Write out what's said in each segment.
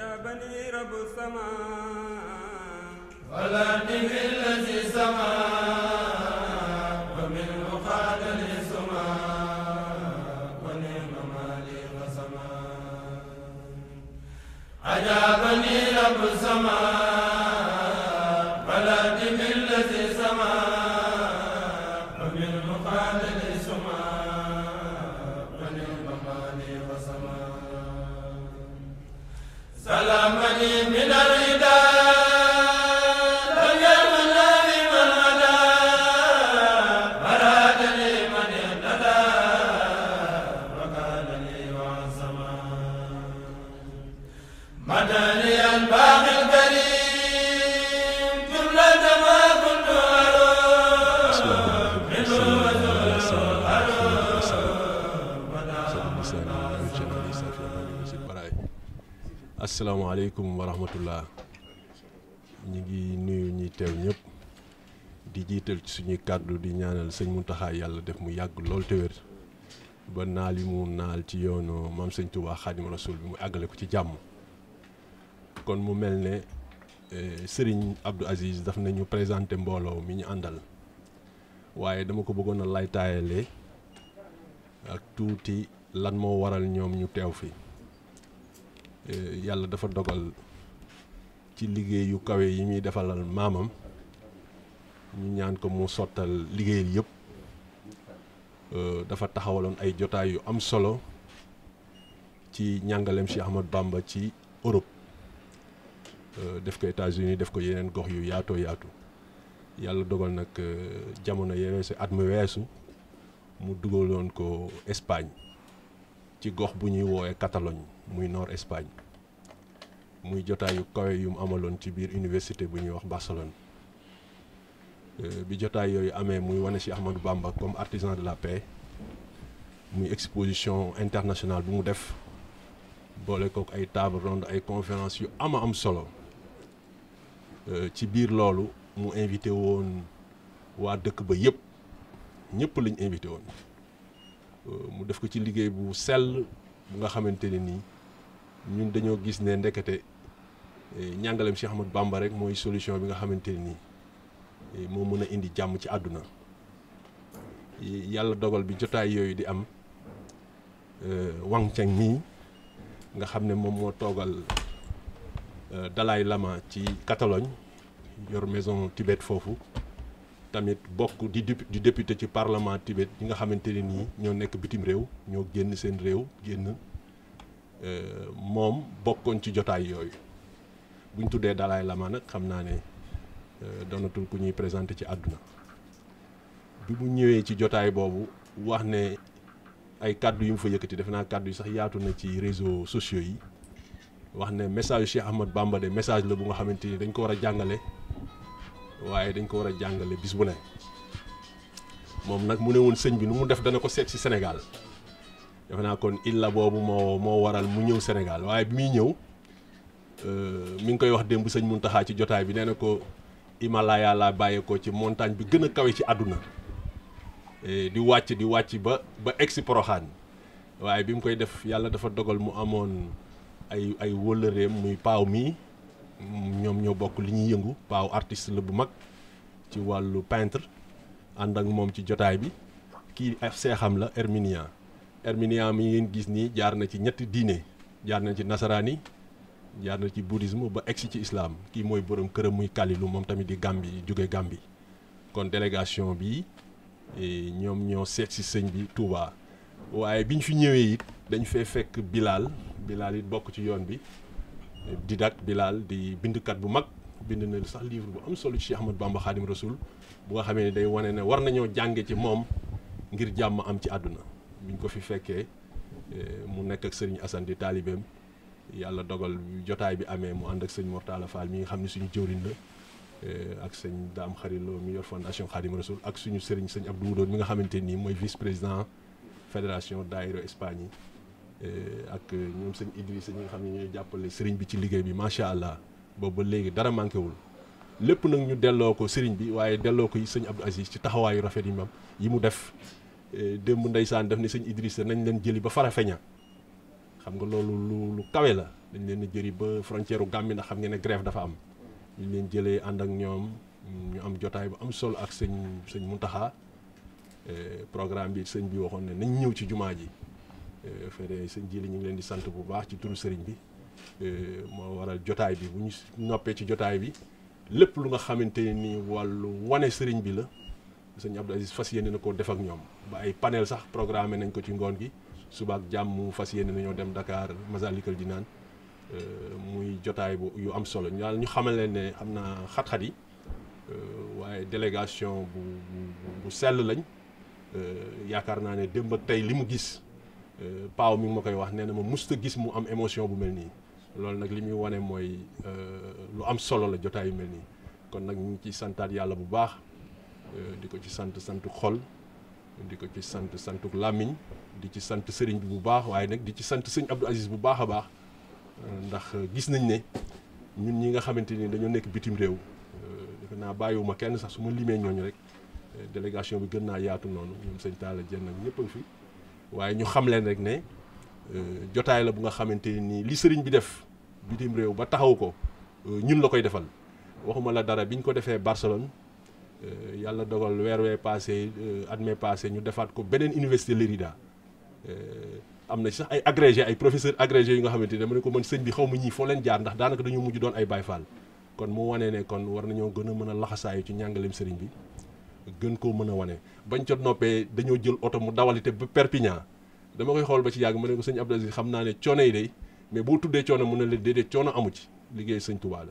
أجابني رب السماء والأرض بالذي سما ومنه قاد لسما ونعم ما لي وسما أجابني رب السماء asalaamaaleykum wa rahmatullah ñi ngi nuyu ñi teew ñëpp di jiital ci suñuy kàddu di ñaanal sëñ Muntaxa yàlla def mu yàgg lool te wér ba naal yi mu naal ci yoonu maam sëñ Tuubaa Xaadimu Rasuul bi mu àggale ko ci jàmm kon mu mel ne e, sëriñ Abdou Aziz daf nañu présenté mbooloo mi ñu àndal waaye dama ko bëggoon a laytaayale ak tuuti lan moo waral ñoom ñu teew fi Eh, yàlla dafa dogal ci liggéey yu kawe yi ñuy defalal maamam ñu ñaan ko mu sottal liggéey yëpp eh, dafa taxawaloon ay jotaay yu am solo ci njàngaleem Cheikh Ahmad Bamba ci Europe eh, def ko États-Unis def ko yeneen gox yu yaatoo yaatu yàlla dogal nag jamono ya si at mu weesu mu dugaloon ko Espagne ci gox bu ñuy woowee Catalogne muy noor Espagne muy jotaayu kawe yu mu amaloon ci biir université bu ñuy wax Barcelone euh, bi jotaay yooyu amee muy wane ci Ahmadou Bamba comme artisan de la paix muy exposition internationale bu mu def boole kook ay table ronde ay conférence yu am a am solo euh, ci biir loolu mu invité woon waa dëkk ba yëpp ñëpp lañ invité woon euh, mu def ko ci liggéey bu sell bu nga xamante ne nii ñun dañoo gis ne ndekete ñàngaleem eh, Cheikh Ahmadou Bamba rek mooy solution bi nga xamante ne nii eh, moo mën a indi jàmm ci àdduna eh, yàlla dogal bi jotaay yooyu di am Wang Cheng mii nga xam ne moom moo toogal Dalai Lama ci Catalogne yor maison Tibet foofu tamit bokk di di député ci parlement Tibet ñi nga xamante ne nii ñoo nekk bitim réew ñoo génn seen réew génn. Euh, moom bokkoon ci jotaay yooyu bu ñu tuddee Dalai lamaan nag xam naa ne euh, doonatul ku ñuy présenté ci àdduna bi mu ñëwee ci jotaay boobu wax ne ay kàddu yu mu fa yëkkati defe naa kàddu yi sax yaatu na ci réseau sociaux yi wax ne message Cheikh Ahmad Bamba message la bu nga xamante ni dañ ko war a jàngale waaye dañ ko war a jàngale bis bu ne moom nag mu ne woon sëñ bi nu mu def dana ko seet ci Sénégal. defe naa kon illa boobu moo moo waral mu ñëw Sénégal waaye bi muy ñëw euh, mu ngi koy wax démb sëñ taxaa ci jotaay bi nee na ko Himalaya laa bàyyeekoo ci montagne bi gën a kawe ci àdduna e, di wàcc di wàcc ba ba egsi waaye bi mu koy def yàlla dafa dogal mu amoon ay ay wëllëreem muy paaw mii ñoom ñoo bokk li ñuy yëngu paaw artiste la bu mag ci wàllu peintre ànd ak moom ci jotaay bi kii seexam la Herminia Herminia mi ngeen gis nii jaar na ci ñetti diine jaar na ci nasaraani jaar na ci bouddhisme ba egsi ci islam kii mooy borom këram muy kalilu moom tamit di Gàmbi jóge Gàmbi kon délégation bi e, ñoom ñoo seet si sëñ bi Touba waaye bi biñ fi ñëwee it dañ fee fekk Bilal Bilal bokk ci yoon bi di dak Bilal di bindkat bu mag bind na sax livre bu am solo ci Cheikh Ahmad Bamba Khadim Rasoul bu nga xamee ne day wane ne war nañoo jànge ci moom ngir jàmm am ci àdduna ñu ko fi fekkee eh, mu nekk ak sëriñ Assane di taalibeem yàlla dogal jotaay bi amee mu ànd ak sëñ mortal Fall mi nga xam ne suñu jëwriñ la eh, ak sëñ Dame Xarilo mi yor fondation Khadim Rasoul ak suñu sëriñ sëñ Abdou Wudoon mi nga xamante nii mooy vice président fédération daayira Espagne yi eh, ak ñoom sëñ Idrissa ñi nga xam ne ñooy jàppale sëriñ bi ci liggéey bi macha allah boobu ba léegi dara manqué wul. lépp nag ñu delloo ko sëriñ bi waaye delloo ko sëñ Abdou Aziz ci taxawaayu rafet yi mam yi mu def Eh, démb ndeysaan def ni sëñ Idrissa nañ leen jëli ba Farafeña xam nga loolu lu lu kawe la dañ leen jëri ba frontière u Gàmbi ndax xam ngeen ne grève dafa am ñu leen jëlee ànd ak ñoom ñu am jotaay bu am solo ak sëñ sëñ Muntaxa eh, programme bi sëñ bi waxoon ne nañ ñëw ci jumaa ji eh, fede sëñ ji li ñu leen di sant bu baax ci turu sëriñ bi moo waral jotaay bi bu ñu noppee ci jotaay bi lépp lu nga xamante ni wàllu wane sëriñ bi la sëñ Abdou Aziz fas yéene na koo def ak ñoom ba ay panel sax programmé nañ ko ci ngoon gi suba ak jàmm mu fas yéene nañoo dem Dakar Masalikul Jinaan euh, muy jotaay bu yu am solo ñu daal ñu xamal leen ne xam naa xat euh, waaye délégation bu bu sell lañ euh, yaakaar naa ne démb tey li mu gis paaw mi ma koy wax nee na ma musta gis mu am émotion bu mel nii loolu nag li muy wane mooy lu am solo la jotaay yu mel nii kon nag ñu ngi santaat yàlla bu baax. Euh, di ko ci sant santu xol di ko ci sant santu làmmiñ di ci sant sëriñ bi bu baax waaye nag di ci sant sëñ Abdou Aziz bu baax a baax euh, ndax euh, gis nañ ne ñun ñi nga xamante ni dañoo nekk bitim réew defe naa bàyyiwuma kenn sax su ma limee ñooñu rek délégation bi gën naa yaatu noonu ñoom sëñ Talla Dieng ak ñëpp a fi waaye ñu xam leen rek ne jotaay la bu nga xamante ni li sëriñ bi def bitim réew ba taxaw ko ñun la koy defal waxuma la dara biñ ko defee Barcelone. Euh, yàlla dogal weer wee passé euh, at mee passé ñu defaat ko beneen université Lérida euh, am na sax ay agrégé ay professeur agrégé yu nga xamante ni dama ne ko man sëñ bi xaw ma ñii foo leen jaar ndax daanaka dañu mujj doon ay bay Faal kon mu wanee ne kon war nañoo gën a mën a laxasaayu ci njàngaleem sëriñ bi gën koo mën a wane bañ ca noppee dañoo jël oto mu dawalite ba Perpignan dama koy xool ba ci yàgg ma ne ko sëñ Abdou Aziz xam naa ne coono yi day mais boo tuddee coono mu ne la déedéet coono amu ci liggéey sëñ Tuubaa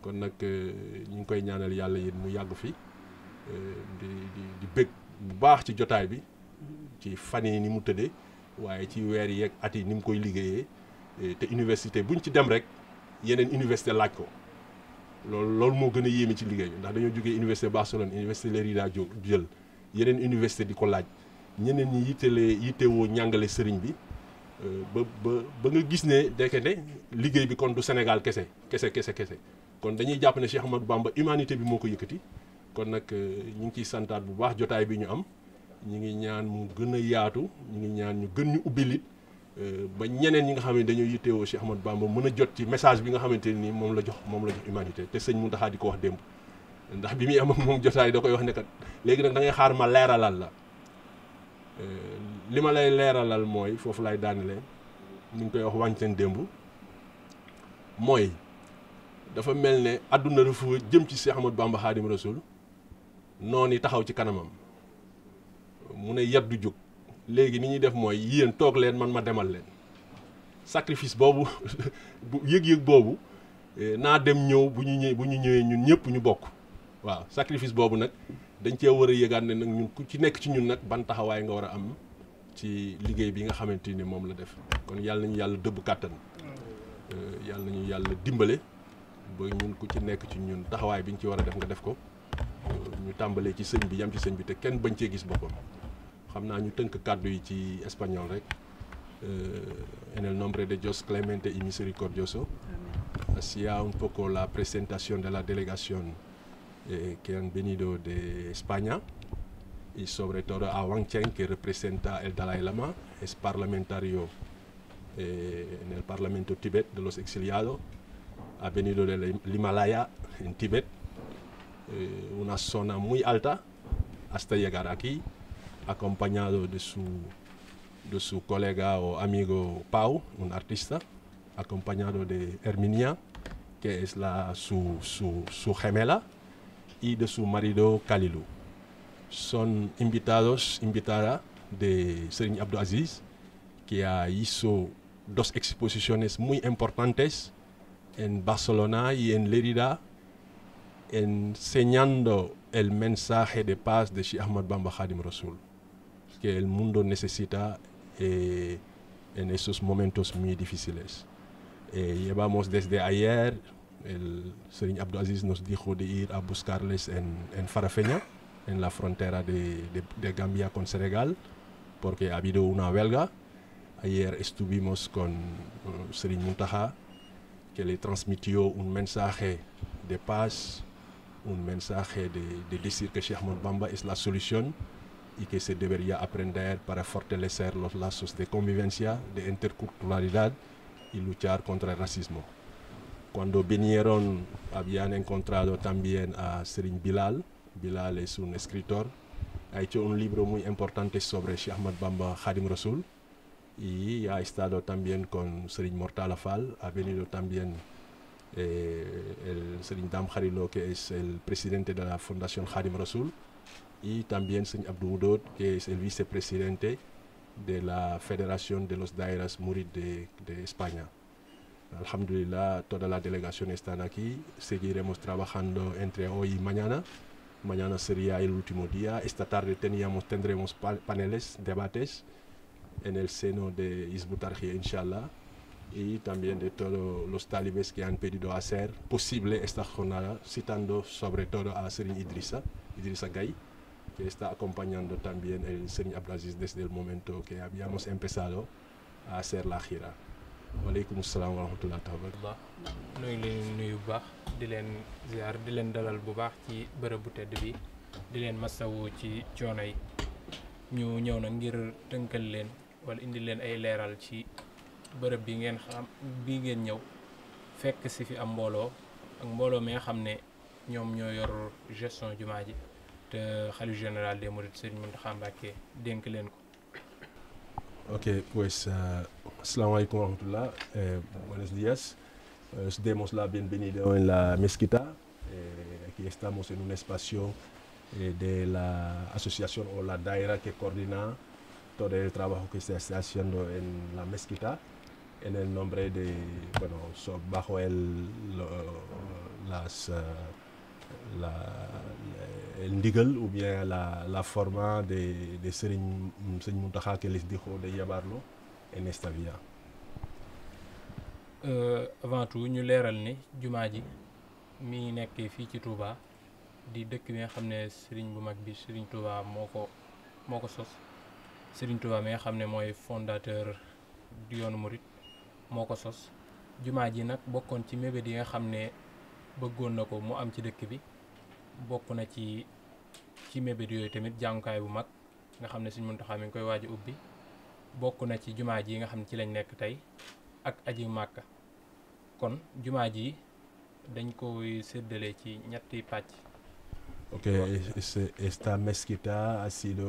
kon nag ñu ngi koy ñaanal yàlla yéen mu yàgg fi di di di bëgg bu baax ci jotaay bi ci fan yi ni mu tëddee waaye ci weer yi ak at yi ni mu koy liggéeyee eh, te université buñ ci dem rek yeneen université laaj ko loolu loolu moo gën a yéeme ci liggéey bi ndax dañoo jógee université Barcelone université Lerida daa jël yeneen université di ko laaj ñeneen ñi yittelee yittewoo ñàngale sëriñ bi eh, ba ba ba nga gis ne dekete liggéey bi kon du senegal kese kese kese kese kon dañuy jàpp ne Cheikh Ahmadou Bamba humanité bi moo ko yëkkati kon nag euh, ñu ngi ciy santaat bu baax jotaay bi ñu am ñu ngi ñaan mu gën a yaatu ñu ngi ñaan ñu gën ñu ubbi lit euh, ba ñeneen ñi nga xam ne dañoo yittewoo Cheikh Ahmadou Bamba mën a jot ci message bi nga xamante ne nii moom la jox moom la jox humanité te sëñ Mountakha di ko wax démb ndax bi muy am moom jotaay da koy wax ne kat léegi nag da xaar ma leeralal la euh, ma lay leeralal mooy foofu lay daanele ni ngi koy wax wàññi démb mooy dafa mel ne àdduna dafa jëm ci Cheikh Ahmadou Bamba Khadim Rasoul noon yi taxaw ci kanamam mu ne yat du jóg léegi ni ñuy def mooy yéen toog leen man ma demal leen sacrifice boobu bu yëg-yëg boobu eh, naa dem ñëw bu ñu ñëw bu ñu ñëwee ñun ñëpp ñu bokk waaw sacrifice boobu nag dañ cee war a yëgaat ne nag ñun ku ci nekk ci ñun nag ban taxawaay nga war a am ci liggéey bi nga xamante ni moom la def kon yàlla nañu yàlla dëbb kàttan eh, yàlla nañu yàlla dimbale ba ñun ku ci nekk ci ñun taxawaay bi ñu ci war a def nga def ko ñu tàmbalee ci sëñ bi yam ci sëñ bi te kenn bañ cee gis boppam xam naa ñu tënk kàddu yi ci espagnol rek euh, en el nombre de Dios clemente y misericordioso hacía un poco la presentación de la delegación eh, que han venido de España y sobre todo a Wang Cheng que representa el Dalai es parlamentario eh, en el Parlamento Tibet de los exiliados ha venido del Himalaya en Tibet Eh, una zona muy alta hasta llegar aquí, acompañado de su, su colega o amigo Pau, un artista, acompañado de Herminia, que es la, su, su, su gemela, y de su marido Kalilu. Son invitada de Serigne Abdou Aziz, que ha hizo dos exposiciones muy importantes en Barcelona y en Lérida enseñando el mensaje de paz de Sheikh Ahmad Bamba Khadim Rasul, que el mundo necesita eh, en esos momentos muy difíciles. Eh, llevamos desde ayer, el Serigne Aziz nos dijo de ir a buscarles en, Farafeña, en la frontera de, Gambia con Senegal, porque ha habido una huelga. Ayer estuvimos con uh, Muntaha, que le transmitió un mensaje de paz un mensaje de, de decir que Sheikh Ahmad Bamba es la solución y que se debería aprender para fortalecer los lazos de convivencia, de interculturalidad y luchar contra el racismo. Cuando vinieron habían encontrado también a Serin Bilal. Bilal es un escritor, ha hecho un libro muy importante sobre Sheikh Ahmad Bamba Khadim Rasul y ha estado también con Serin Mortala Fall, ha venido también Eh, el Sëriñ Dam Kharilo, que es el presidente de la Fundación Khadim Rasul, y también Sëriñ Abdou Oudoud, que es el vicepresidente de la Federación de los Dairas Murid de, de España. Alhamdulillah, toda la delegación está aquí. Seguiremos trabajando entre hoy mañana. Mañana sería el último día. Esta tarde tendremos paneles, debates en el seno de Isbutargia, inshallah. y también de todos los talibes que han pedido hacer posible esta jornada, citando sobre todo a Serin Idrissa, Idrissa Gay, que está acompañando también el Serin Abdelaziz desde el momento que habíamos empezado a hacer la gira. waaleykum salaam wa rahmatulah taala ñu ngi leen nuyu bu baax di leen ziar di leen dalal bu baax ci bërëb bu tedd bi di leen masawu ci coono yi ñu ñëw na ngir tënkal leen wala indi leen ay leeral ci. bërëb bi ngeen xam bi ngeen ñëw fekk si fi am mbooloo ak mbooloo mi nga xam ne ñoom ñoo yor gestion jumaa ji te xalif général des mourides Serigne Mountakha Mbacké dénk leen ko ok pues uh, asalaamaaleykum warahmatullah eh, buenos días uh, la bienvenida en la mezquita eh, aquí estamos en un espacio eh, de la association o la daira que coordina todo el trabajo que se está en la mezquita en el nombre de, bueno, el, lo, las, eh, la, ndigal ou bien la, la forma de, de Serigne Mountakha que di dijo de llevarlo en esta eh, avant tout ñu leeral ni jumaa ji mi ngi nekk fii ci Touba di dëkk bi nga xam ne sëriñ bu mag bi sëriñ Touba moo ko moo ko sos sëriñ Touba mi nga xam ne mooy fondateur du yoonu Mouride moo ko sos jumaa ji nag bokkoon ci mébét yi nga xam ne bëggoon na ko mu am ci dëkk bi bokk na ci ci mébét yooyu tamit jàngukaay bu mag nga xam ne Sëriñ Muntaxa mi ngi koy waaj a ubbi bokk na ci jumaa ji nga xam ne ci lañ nekk tey ak aji màkka kon jumaa ji dañ koy séddale ci ñetti pàcc. ok esta mezquita ha sido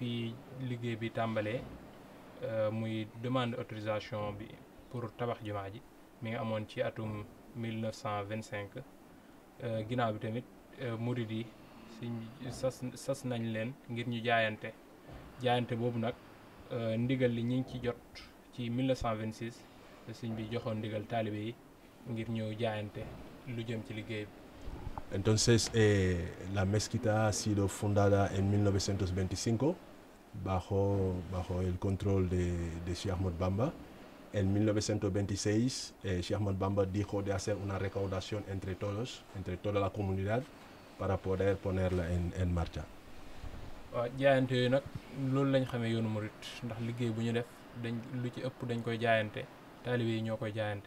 fi liggéey bi tàmbalee euh, muy demande autorisation bi pour tabax jumaa ji mi ngi amoon ci atum 1925 euh, ginnaaw bi tamit euh, murid yi siñ sas nañ leen ngir ñu jaayante jaayante boobu nag ndigal li ñu ngi ci jot ci 1926 te siñ bi joxoon ndigal taalibe yi ngir ñëw jaayante lu jëm ci liggéey bi. Entonces eh, la mezquita ha sido fundada en 1925. baaxoo baaxoo el control de, de Sheikh Ahmad Bamba. En 1926, eh, Sheikh Ahmad Bamba dijo de hacer una recaudación entre todos, entre toda la comunidad, para poder ponerla en, en marcha. waaw jaayante yooyu nag loolu lañ xamee yoonu murit ndax liggéey bu ñu def dañ lu ci ëpp dañ koy jaayante taalibe yi ñoo koy jaayante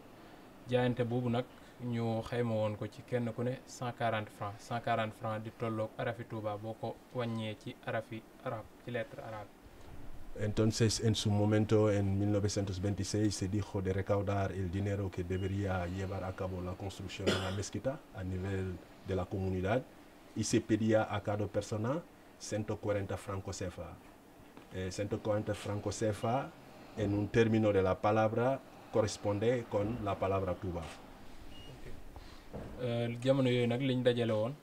jaayante boobu nag ñu xayma woon ko ci kenn ku ne cent quarante cent quarante franc di tolloog arafi Touba boo ko wàññee ci arafi arab ci lettre arabe. Entonces, en su momento, en 1926, se dijo de recaudar el dinero que debería llevar a cabo la construcción de la mezquita a nivel de la comunidad y se pedía a cada persona 140 francos eh, en un término de la palabra, corresponde con la palabra Touba. Euh, jamono yooyu nag liñ dajale woon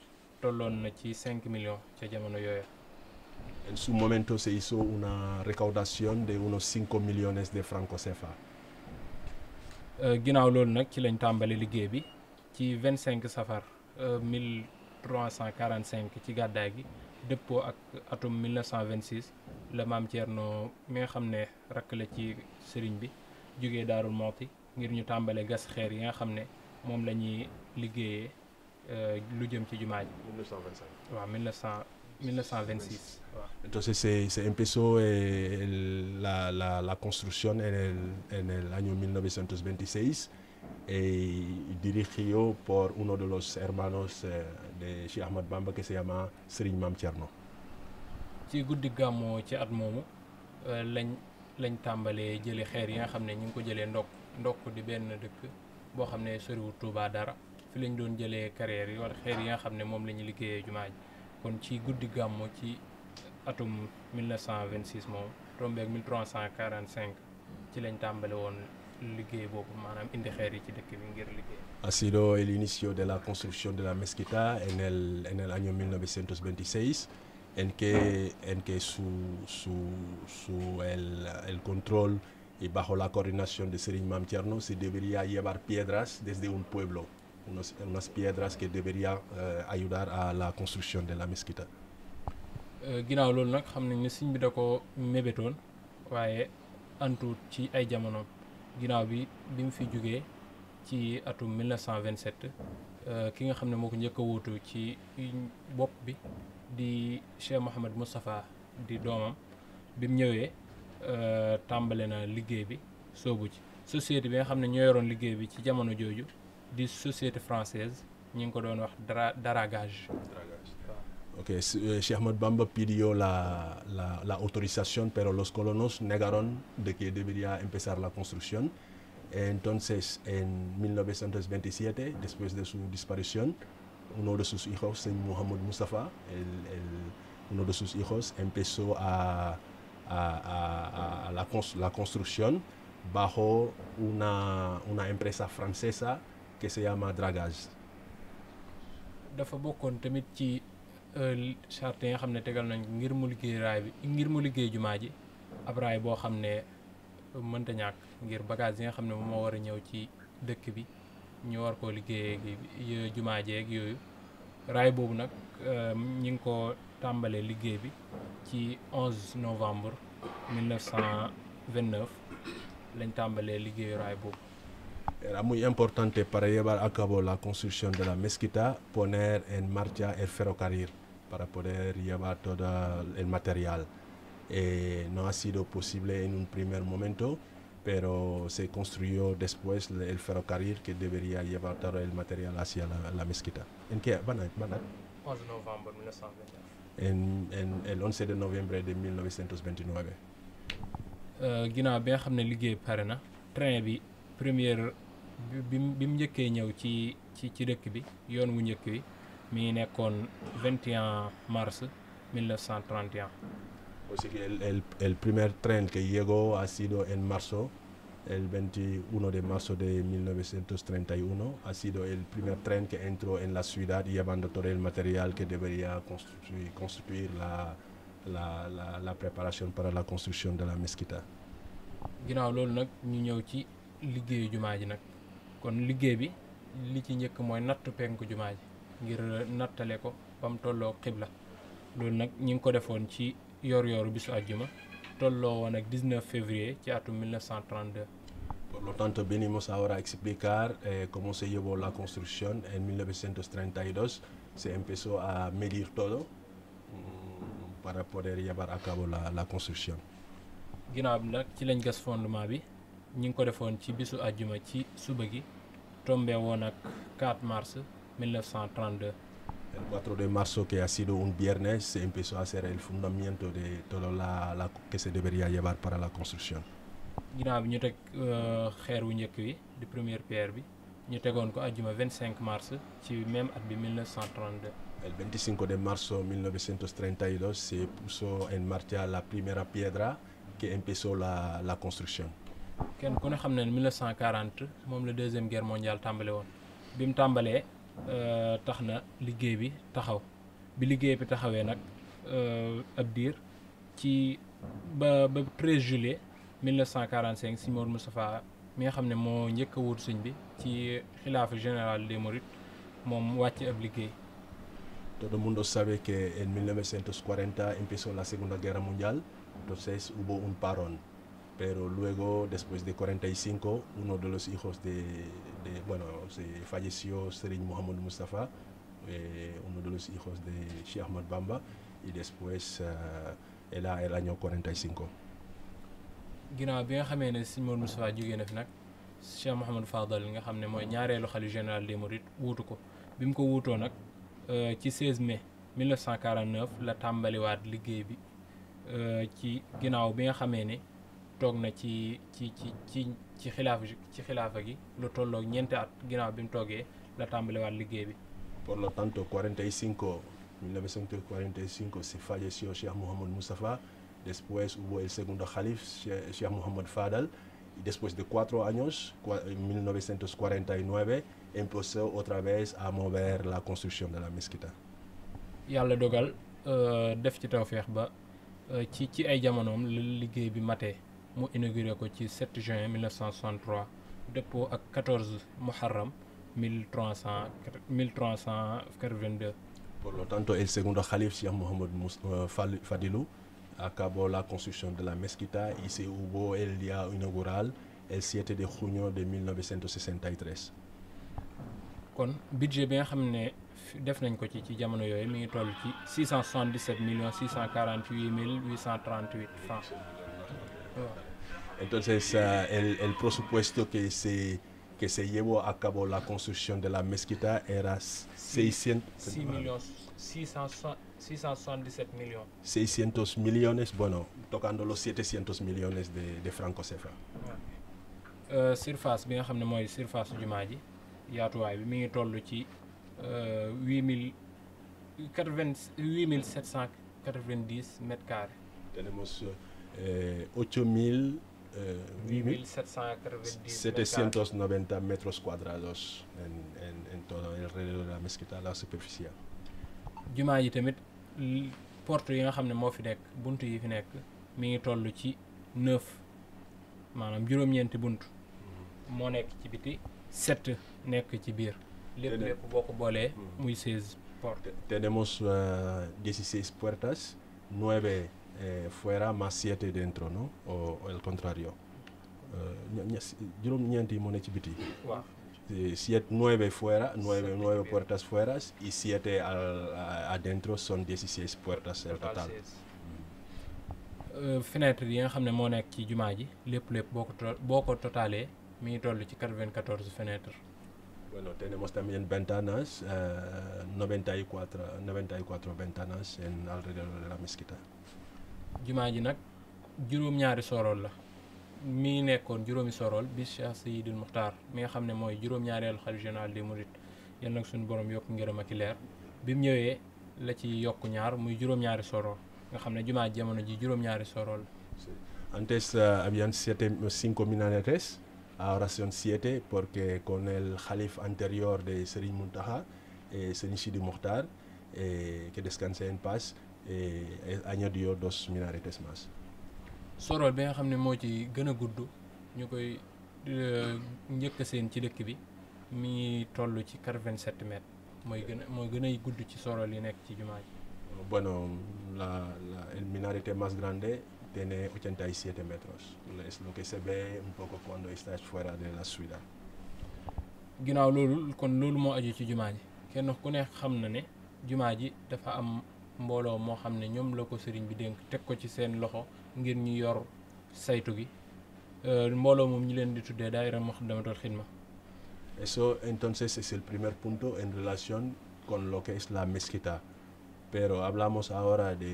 tolloon na ci cinq millions ca jamono yooyu. su momento se hizo una recaudación de unos cinco millones de francos CFA. Euh, ginnaaw loolu nag ci lañu tàmbale liggéey bi ci vingt cinq safar euh, mille trois cent quarante cinq ci gàddaay gi dëppoo ak atum mille neuf cent vingt six la maam Thierno mi nga xam ne rakk la ci sëriñ bi jógee Daarul Moti ngir ñu tàmbalee gas xeer yi nga xam ne. moom lañuy liggéeye liggéeyee euh, lu jëm ci jumaa ji. 1925 waaw 1900 1926. Entonces se, se empezó eh, la, la, la, construcción en el, en el año 1926 eh, uno de los hermanos eh, de Cheikh Ahmad Bamba que se llama Serigne Mame Thierno. ci guddi gàmmoo ci at moomu euh, lañ lañ tàmbalee jëlee xeer yi nga xam ne ñu ngi ko jëlee ndokk ndokk di benn dëkk. boo xam ne soriwul Touba dara fi lañ doon jëlee carrière yi wala xeer yi nga xam ne moom la liggéeye liggéeyee jumaa ji kon ci guddi gàmmu ci atum 1926 moom tombeeg 1345 ci lañ tàmbale woon liggéey boobu maanaam indi xeer yi ci dëkk bi ngir liggéey. Asido el inicio de la construcción de la mezquita en el en el año 1926 en que en que su su su el el control y bajo la coordinación de Serigne Mam Cherno se debería llevar piedras desde un pueblo, unos, unas piedras que debería eh, ayudar a la construcción de la mezquita. Eh, ginnaaw loolu nag xam nañ ne sëñ bi da ko mébétoon waaye antuut ci ay jamono ginnaaw bi bi mu fi jógee ci atum 1927 euh, ki nga xam ne moo ko njëkk a wuutu ci bopp bi di Cheikh Mouhamed Moustapha di doomam bi mu ñëwee. Euh, tàmbale na liggéey bi soobu ci société bi nga xam ne ñoo yoroon liggéey bi ci jamono jooju di société française ñu ngi ko doon wax dara daragage. ok euh, Cheikh Ahmad Bamba pidió la, la, la autorización, pero los colonos negaron de que debería empezar la construcción. Entonces, en 1927, después de su disparición, uno de sus hijos, Muhammad Mustafa, el, el, uno de sus hijos empezó a a, a, a la, la, baaxoo bajo una, una, empresa francesa que se llama Dragage. dafa bokkoon tamit ci euh, charte yi nga xam ne tegal nañ ngir mu liggéey raay bi ngir mu liggéey jumaa ji ab raay boo xam ne euh, mënta ñàkk ngir bagage yi nga xam ne moom moo war a ñëw ci dëkk bi ñu war koo liggéeyee euh, jumaa jeeg yooyu raay boobu nag ñi ko tàmbalee liggéey bi ci 11 novembre 1929 lañ tàmbalee liggéeyu importante para a cabo la construcción de la mezquita, poner en marcha el ferrocarril para poder llevar todo el material. Eh, no ha sido posible en un primer momento, pero se construyó después el ferrocarril que debería llevar todo el material hacia la, la ¿En qué? a, van a? en en el 11 de noviembre de 1929. Euh, ginnaaw bi nga xam ne liggéey pare na train bi première bi mu njëkkee ñëw ci ci ci dëkk bi yoon wu njëkk bi mi ngi nekkoon 21 mars 1931. Aussi que el el el primer tren que llegó ha en marzo el 21 de marzo de 1931 ha sido el primer tren que entró en la ciudad llevando todo el material que debería construir, construir la, la, la, la preparación para la construcción de la mezquita. ginnaaw loolu nag ñu ñëw ci liggéeyu jumaa ji nag kon liggéey bi li ci njëkk mooy nattu penku jumaa ji ngir nattale ko ba mu tolloo xibla loolu nag ñi ngi ko defoon ci yor-yoru bisu àjjuma tolloo woon ak 19 février ci atum 1932. Por lo tanto, venimos ahora a explicar eh, cómo se llevó la construcción en 1932. Se empezó a medir todo mm, para poder llevar a cabo la, la construcción. bi nag ci lañ gas fondement bi ñu ngi ko defoon ci bisu àjjuma ci suba gi tombé woon ak 4 mars 1932. El 4 de marzo que ha un viernes se empezó a hacer el fundamento de todo la, la que se debería llevar para la construcción. ginnaaw bi ñu teg euh, xeer wu njëkk wi di première pierre bi ñu tegoon ko ajjuma 25 mars ci même at bi 1932. El 25 de marzo 1932 se puso en marcha la primera piedra que empezó la la construction. kenn ku ne xam ne 1940 moom la deuxième guerre mondiale tàmbale woon bi tàmbalee. Euh, tax na liggéey bi taxaw bi liggéey bi taxawee nag euh, ab diir ci ba ba 13 juillet 1945 si Mor Moustapha mi nga xam ne moo njëkk a wut sëñ bi ci xilaafu général des Mourides moom wàcc ab liggéey. Todo mundo sabe que en 1940 empezó la Segunda Guerra Mundial, entonces hubo un parón. pero luego después de 45 uno de los hijos de, de bueno se falleció Serigne Mohamed Mustafa eh, uno de los hijos de Cheikh Ahmad Bamba y después uh, eh, él a el año 45 ginnaaw bi nga xamee ne Serigne Mohamed Mustafa jógee na fi nag Cheikh Mouhamadou Fadal nga xam ne mooy ñaareelu xalifa général des Mourides wuutu ko bi mu ko wuutoo nag euh, ci 16 mai 1949 la tàmbaliwaat liggéey bi euh, ci ginnaaw bi nga xamee ni toog na ci ci ci ci ci xilaaf ci xilaafa gi lu tolloog ñeenti at ginnaaw bi mu toogee la tàmbaliwaat liggéey bi. pour lo tanto 45 1945 se falleció Sheikh Muhammad Mustafa después hubo el segundo jalif Sheikh Muhammad Fadal y de cuatro años en 1949 vez a mover la construcción de la mezquita. yàlla dogal euh, def ci tawféex ba euh, ci ci ay jamonoom liggéey bi matee. mu inauguré ko ci 7 juin 1963 dëppoo ak 14 muharram 1300 1382. Por lo tanto, el segundo Khalif Cheikh Mohamed euh, Fadilou acabó la construcción de la mezquita y se hubo el día inaugural el 7 de junio de 1963. kon budget bi nga xam ne def nañ ko ci ci jamono yooyu mi ngi toll ci 677 millions 648 mille 838 francs. Entonces, uh, el, el, presupuesto que se, que a cabo la construcción de la mezquita era 600 sí, millones. 677 millones. 600 millones, bueno, tocando los 700 millones de, de franco CFA. Eh, surface bi nga xam ne mooy surface jumaa ji yaatuwaay bi mi ngi toll ci eh, huit mille quatre mille sept cent quatre 8000 8790 c'était 190 metros cuadrados en, en, en todo alrededor de la mezquita la superficie jumaa yi tamit porte yi nga xam ne moo fi nekk bunt yi fi nekk mi ngi toll ci neuf maanaam juróom-ñeenti bunt mm-hmm. moo nekk ci biti sept nekk ci biir lépp lépp boo ko boolee mm-hmm. muy seize portes tenemos eh, dieciséis puertas nueve eh, fuera más siete dentro no o, contrario eh, juróom-ñeent moo ne ci biti waaw siete nueve fuera nueve nueve puertas fuera y siete al, a, adentro son dieciséis puertas el total mm. eh, fenêtre yi nga xam ne moo nekk ci jumaa ji lépp lépp boo ko boo ko totalee mi ngi toll ci quatre-vingt-quatorze fenêtres Bueno, tenemos también ventanas, eh, ventanas en la mezquita. jumaa ji nag juróom-ñaari sorool la mi nekkoon juróomi sorool bi Cheikh Seydil Muxtaar mi nga xam ne mooy juróom-ñaareelu xalifa général des mourides nag suñu borom yokk ngërëm ak i leer bi mu ñëwee la ci yokk ñaar muy juróom-ñaari sorool nga xam ne jumaa jamono ji juróom-ñaari sorool la antes eh, habían siete cinco minaretes ahora son siete porque con el califa anterior de Serigne Mountakha eh, Serigne Sidi Muxtaar eh, que descanse en añadiyo dos minarites mas sorool bi nga xam ne moo ci gën a gudd ñu koy euh, njëkk seen ci dëkk bi mi ngi toll ci quatre-vingt-sept mooy gën a mooy gën a gudd ci sorool yi nekk ci jumaa ji bueno la, la el minarete más grande tiene 87 metros es lo la ciudad ginnaaw loolu kon loolu moo aju ci jumaa ji kenn ku nekk xam na ne jumaa ji dafa am mbooloo moo xam ne ñoom la ko sëriñ bi dénk teg ko ci seen loxo ngir ñu yor saytu gi euh, mbooloo moom ñi leen di tuddee daayira Moukhaddamatoul Khidma eso entonces es el primer punto en relación con lo que es la mezquita pero hablamos ahora de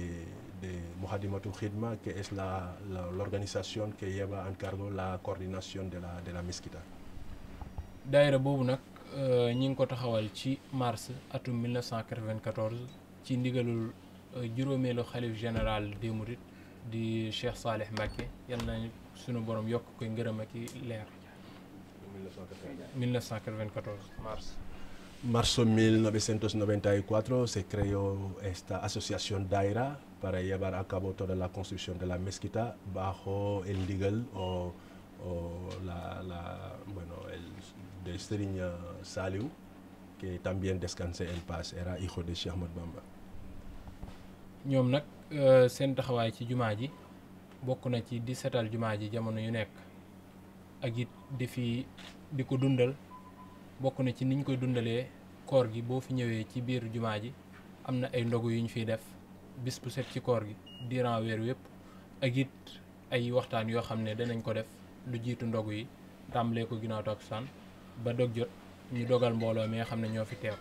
de Moukhaddamatoul Khidma que es la, la la que lleva en cargo la coordinación de la miskita la mezquita daayira boobu nag euh, ñi ngi ko taxawal ci mars atum 1994 ci ndigalul euh, juróomeelu xalif général des di Cheikh Saleh Mbacké yal na sunu borom yokk koy ngërëm ak i leer. 1994 mars. marzo 1994 se creó esta asociación Daira para llevar a cabo toda la construcción de la mezquita bajo el Digal o, la, la, bueno, el de Serigne Saliou, que también descanse en paz, era hijo de Cheikh Bamba. ñoom nag euh, seen taxawaay ci jumaa ji bokk na ci di setal jumaa ji jamono yu nekk ak it di fi di ko dundal bokk na ci niñ koy dundalee koor gi boo fi ñëwee ci biir jumaa ji am na ay ndogu yu ñu fiy def bis bu set ci koor gi diiran weer wépp ak it ay waxtaan yoo xam ne danañ ko def lu jiitu ndogu yi tàmbalee ko ginnaaw takkusaan ba dog jot ñu dogal mbooloo mi xam ne ñoo fi teew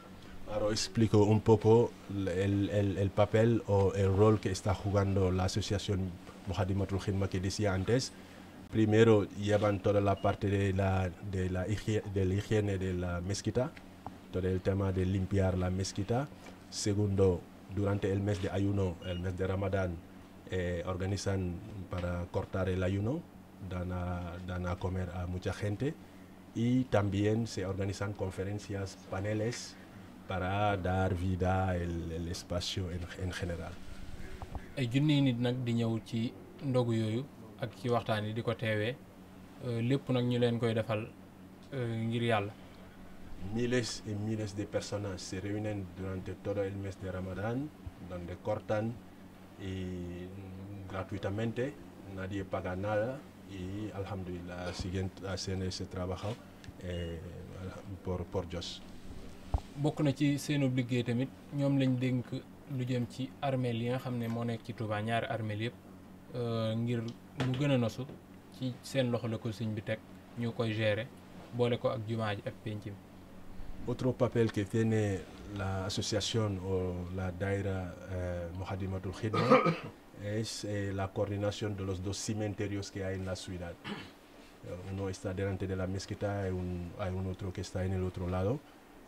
Claro, explico un poco el, papel o el rol que está jugando la asociación Mojadimatul que decía antes. Primero, llevan toda la parte de la, de la, de la higiene de la mezquita, todo el tema de limpiar la mezquita. Segundo, durante el mes de ayuno, el mes de Ramadán, eh, organizan para cortar el ayuno, dan comer a mucha gente y también se organizan conferencias, paneles para dar vida el, el espacio en, en ay junniy nit nag di ñëw ci ndogu yooyu ak ci waxtaan yi di ko teewee euh, lépp nag ñu leen koy defal euh, ngir yàlla. miles y miles de personas se reúnen durante todo el mes de Ramadán donde cortan y gratuitamente nadie paga nada y alhamdulillah siguen haciendo ese trabajo eh, euh, por, por bokk na ci seenu liggéey tamit ñoom lañ dénk lu jëm ci armeel yi nga xam ne moo nekk ci Touba ñaari armeel yëpp euh, ngir mu gën nosu ci seen loxo la ko sëñ bi teg ñu koy gérer boole ko ak jumaa ji ak pénc mi Otro papel que tiene la asociación o la daira eh, Mokhadimatul Khidma es la coordinación de los dos cementerios que hay la ciudad. Euh, uno está de la mezquita, hay un, hay que está en el otro lado.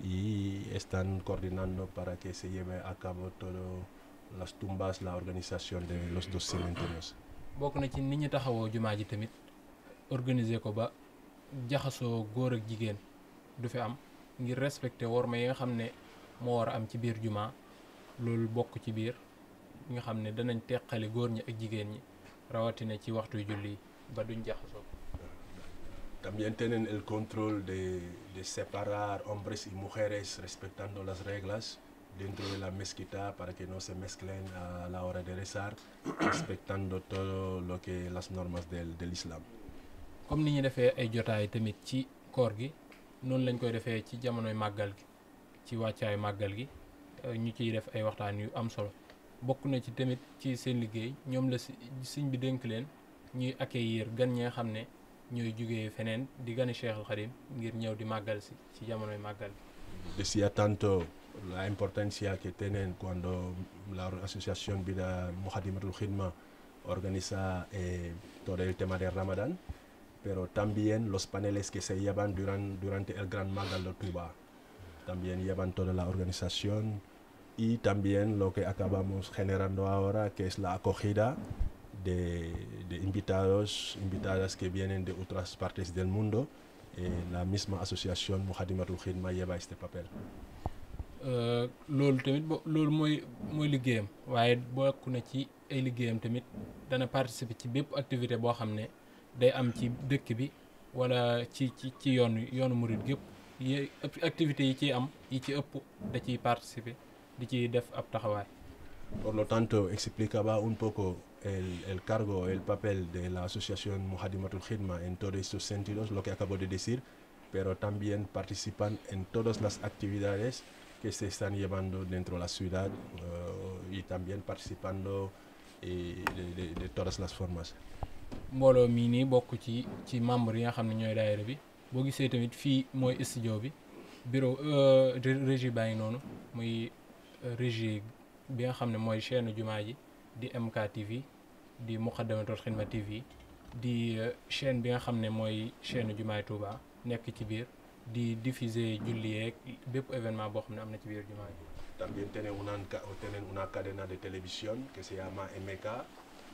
y están coordinando para que se lleve a cabo todo las tumbas la organización de los dos cementerios. bokk na ci ni ñu taxawoo jumaa ji tamit organiser ko ba jaxasoo góor ak jigéen du fi am ngir respecter worma yi nga xam ne moo war a am ci biir jumaa loolu bokk ci biir nga xam ne danañ teqali góor ñi ak jigéen ñi rawatina ci waxtu julli ba duñ jaxasoo. También tienen el control de, de separar hombres y mujeres respetando las reglas dentro de la mezquita para que no se mezclen a la hora de rezar, respetando todo lo las normas del, del islam. comme ni ñu defee ay jotaay tamit ci koor gi noonu lañ koy defee ci jamonoy màggal gi ci wàccaayu màggal gi euh, ñu ciy def ay waxtaan yu am solo bokk na ci tamit ci seen liggéey ñoom la si siñ bi dénk leen ñuy accueillir gan ñi nga xam ne ñooy jugee feneen di gane Cheikhul Khadim ngir ñëw di màggal si ci jamonoy màggal decía tanto la importancia que tienen cuando la asociación vida Moukhaddamatoul Khidma organiza eh, todo el tema de Ramadán pero también los paneles que se llevan durante, el Gran Magal de Touba también llevan toda la organización y también lo que acabamos generando ahora que es la acogida de, de invitados, invitadas que vienen de otras partes del mundo. Eh, la misma asociación Moukhaddamatoul Khidma lleva este eh, loolu tamit bo loolu mooy liggéeyam waaye bokk na ci ay liggéeyam tamit dana participer ci bépp activité boo xam ne day am ci dëkk bi wala ci ci ci yoonu yoonu murit gépp yi activités yi ciy am yi ci ëpp da ciy participer di ciy def ab taxawaay. Por lo tanto, explicaba un poco el, el cargo, el papel de la Asociación Muhadimatul Khidma en todos estos sentidos, lo que acabo de decir, pero también participan en todas las actividades que se están llevando dentro la ciudad uh, y participando eh, de, de, de todas las formas. mbooloo mii nii bokk ci ci membre yi nga xam ne ñooy daayira bi boo gisee tamit fii mooy studio bi bureau euh, régie baa ngi noonu muy euh, régie bi nga xam ne mooy chaîne jumaa ji di MK di Moukhaddamatoul Khidma TV di euh, chaîne bi nga xam ne mooy chaîne Jumaay Touba nekk ci biir di diffuser julli bépp événement boo xam ne am na ci biir jumaa ji. También tienen una cadena de televisión que se llama MK,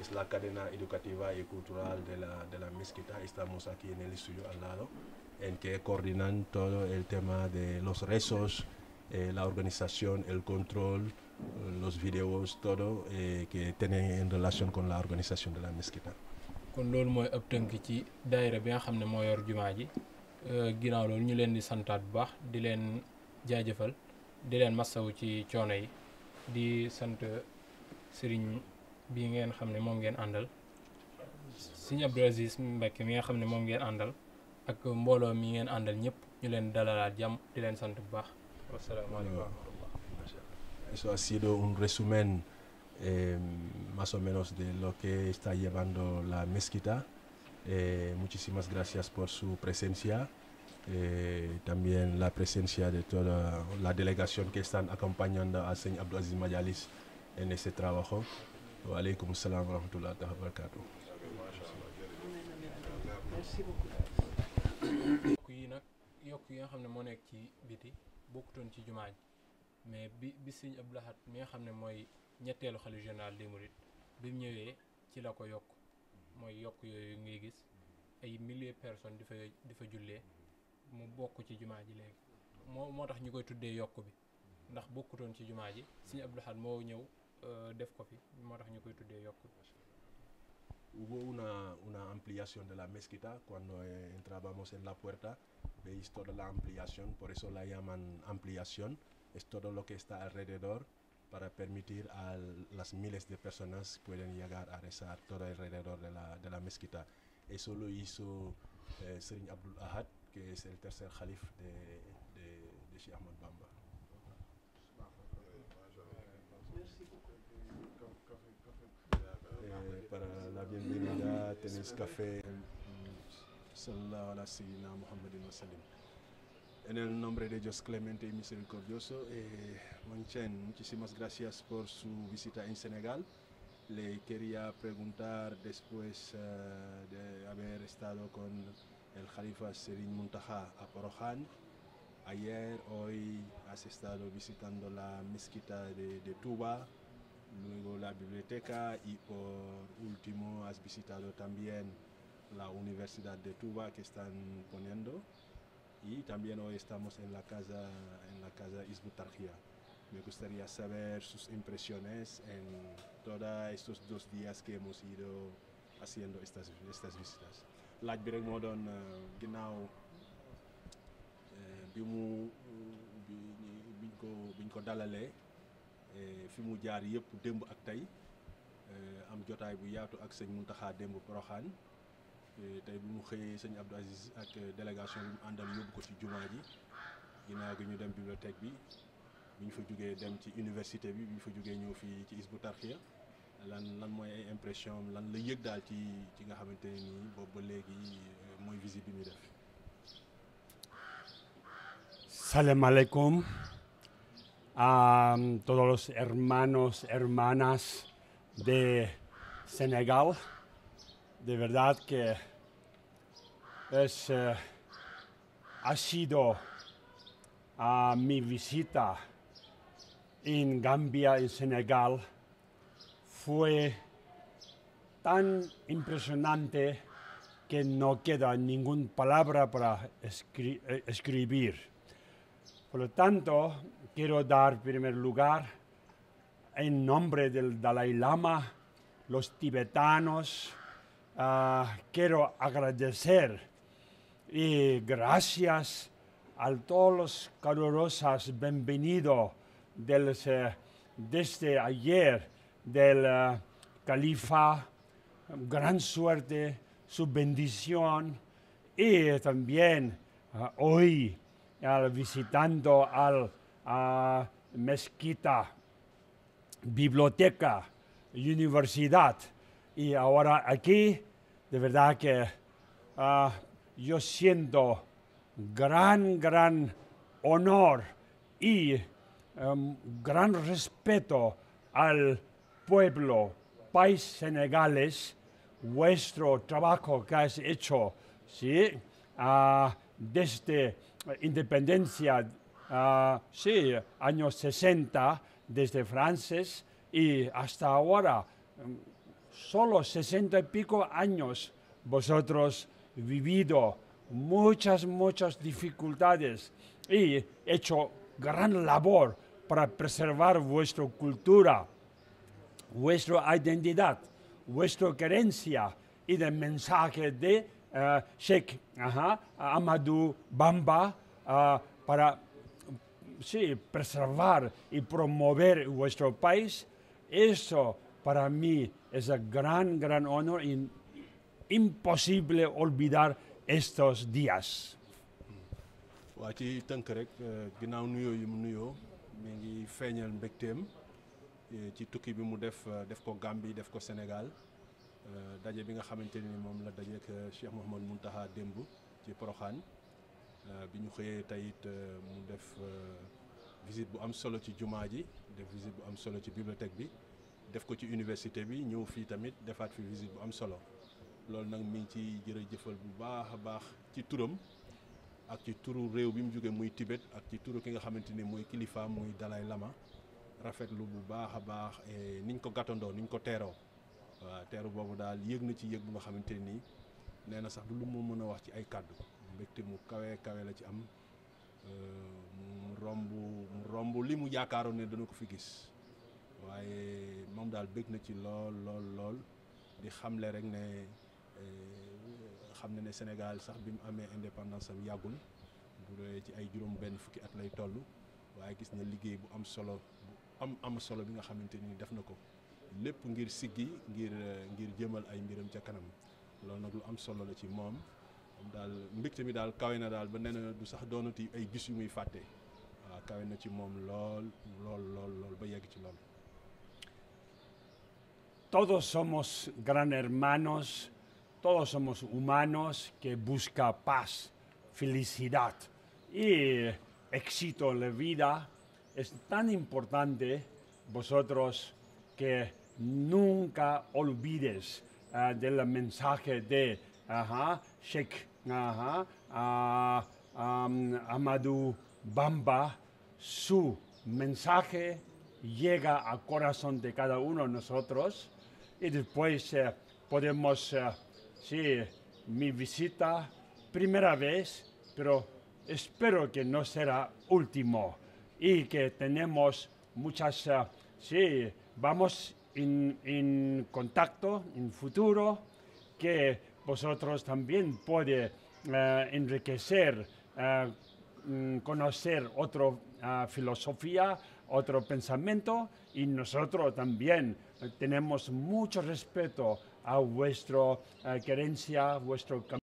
es la cadena educativa y cultural de la, de la mezquita. Estamos aquí en el en que coordinan todo el tema de los rezos, eh, la organización, el control los videos todo et eh, que tiene en relación con la organización de la mezquita. kon loolu mooy ab tënk ci daayira bi nga xam ne moo yor jumaa ji euh, ginnaaw loolu ñu leen di santaat bu baax di leen jaajëfal di leen massawu ci coono yi di sant sëriñ bi ngeen xam ne moom ngeen àndal sëriñ Abdou Aziz mi nga xam ne moom ngeen àndal ak mbooloo mi ngeen àndal ñëpp ñu leen dalalaat jàmm di leen sant bu baax wasalaamaaleykum eso ha sido un resumen eh, o menos de lo que está llevando la mezquita. Eh, muchísimas gracias por su presencia, eh, también la presencia de toda la delegación que están acompañando a Señor Abdulaziz Majalis en este trabajo. Wa alaikum salam wa rahmatullahi wa barakatuh. yokk yi nga xam ne moo nekk ci biti bokkutoon ci jumaa mais bi bi sëñ Abdou Lahad mi nga xam ne mooy ñetteelu xalifa général des mourides bi mu ñëwee ci la ko yokk mooy yokk yooyu ngay gis ay millier personnes di fa di fa jullee mu bokk ci jumaa ji léegi moo moo tax ñu koy tuddee yokk bi ndax bokkutoon ci jumaa ji sëñ Abdou Lahad moo ñëw euh, def ko fi moo tax ñu koy tuddee yokk bi hubo una, una, de la mezquita cuando eh, entrábamos en la puerta veis toda la ampliación pour eso la llaman es todo lo que está alrededor para permitir a las miles de personas pueden llegar a rezar todo alrededor de la, de la mezquita. Eso lo eh, Abdul Ahad, que es el tercer jalif de, de, Ahmad Bamba. Eh, para la bienvenida tenéis café. Sallallahu ala Muhammadin wa En el nombre de Dios clemente y misericordioso, eh, Manchen, muchísimas gracias por su visita en Senegal. Le quería preguntar después uh, de haber estado con el Jalifa Serin Muntaha a Ayer, hoy has estado visitando la mezquita de, Tuba, luego la biblioteca y por último has visitado también la Universidad de Tuba que están poniendo. y también hoy estamos en la casa, en la casa Isbutargia. Me gustaría saber sus impresiones en todos estos dos días que hemos ido haciendo estas, estas visitas. laaj eh, eh, bi rek moo doon ginnaaw bi mu bi biñ ko biñ ko dalalee eh, fi mu jaar yëpp démb ak tey am jotaay bu yaatu ak sëñ Muntaxa démb Poroxaan Euh, tey bu mu xëyee sëñ Abdou Aziz ak euh, délégation bi mu àndal yóbbu ko ci jumaa ji ginnaaw gi ñu dem bibliothèque bi bi ñu fa jógee dem ci université bi bu ñu fa jógee ñëw fii ci Hizbut Tarqiyyah lan lan mooy ay impression am lan la yëg daal ci ci nga xamante ne nii boobu ba léegi euh, mooy visite bi muy def. salaamaaleykum a todos los hermanos hermanas de Sénégal. de verdad que es, eh, ha sido a mi visita en Gambia, en Senegal, fue tan impresionante que no queda ninguna palabra para eh, escribir. Por lo tanto, quiero dar primer lugar, en nombre del Dalai Lama, los tibetanos, uh, quiero agradecer y gracias a todos los calurosos eh, desde ayer del eh, califa. Gran suerte, su bendición y también ah, hoy visitando al ah, mezquita, biblioteca, universidad Y ahora aquí, de verdad que uh, yo siento gran, gran honor y um, gran respeto al pueblo, país senegales, vuestro trabajo que has hecho, ¿sí? Uh, desde independencia, uh, sí, años 60, desde Francia y hasta ahora. Um, solo sesenta y pico años, vosotros vivido muchas, muchas dificultades y hecho gran labor para preservar vuestra cultura, vuestra identidad, vuestra creencia y el mensaje de eh, Sheikh uh, Bamba ah, para sí, preservar y promover vuestro país. Eso para mí es un gran, gran honor y imposible olvidar estos días. waa ci tënk rek eh, ginnaaw nuyoo yi mu nuyoo mi ngi feeñal mbégteem eh, ci tukki bi mu def eh, def ko Gambie def ko Sénégal daje bi nga xamante ni moom la dajeek Cheikh Mouhamad Mountaha démb ci Porokhane bi ñu xëyee tayit mu def visite bu am solo ci jumaa ji def visite bu am solo ci bibliothèque bi def ko ci université bi ñëw fii tamit defaat fi visite bu am solo loolu nag mi ngi ci jërëjëfal bu baax a baax ci turam ak ci turu réew bi mu jógee muy Tibet ak ci turu ki nga xamante ni mooy kilifaam muy Dalai Lama rafetlu bu baax a baax eh, niñ ko gàttandoo niñ ko teeroo waaw teeru boobu daal yéeg na ci yéeg bu nga xamante nii nee na sax du lu mu mën a wax ci ay kàddu mbégte mu kawe kawe la ci am euh, mu romb romb li mu yaakaaroon ne dana ko fi gis waaye moom daal bëgg na ci lool lool lool di xamle rek ne eh, xam ne ne Sénégal sax bi mu amee indépendance am yàggul bu dee ci ay juróom benn fukki at lay toll waaye gis na liggéey bu am solo bu am am solo bi nga xamante ni def na ko lépp ngir siggi ngir ngir jëmal ay mbiram ca kanam loolu nag lu am solo la ci moom daal mbégte mi daal kawe na daal ba nee na du sax doonati ay bis yu muy fàtte waaw kawe na ci moom lool lool lool lool ba yegg ci lool todos somos gran hermanos, todos somos humanos que busca paz, felicidad y éxito la vida. Es tan importante vosotros que nunca olvides ah, del mensaje de Sheikh uh, Su mensaje llega al corazón de cada uno de nosotros e depois é, eh, podemos é, eh, se visita primeira vez, pero espero que no será último y que tenemos muchas uh, vamos en contacto en futuro que vosotros también puede enriquecer mm, conocer otra filosofía otro pensamiento y nosotros también tenemos mucho respeto a vuestra creencia, vuestro eh, camino.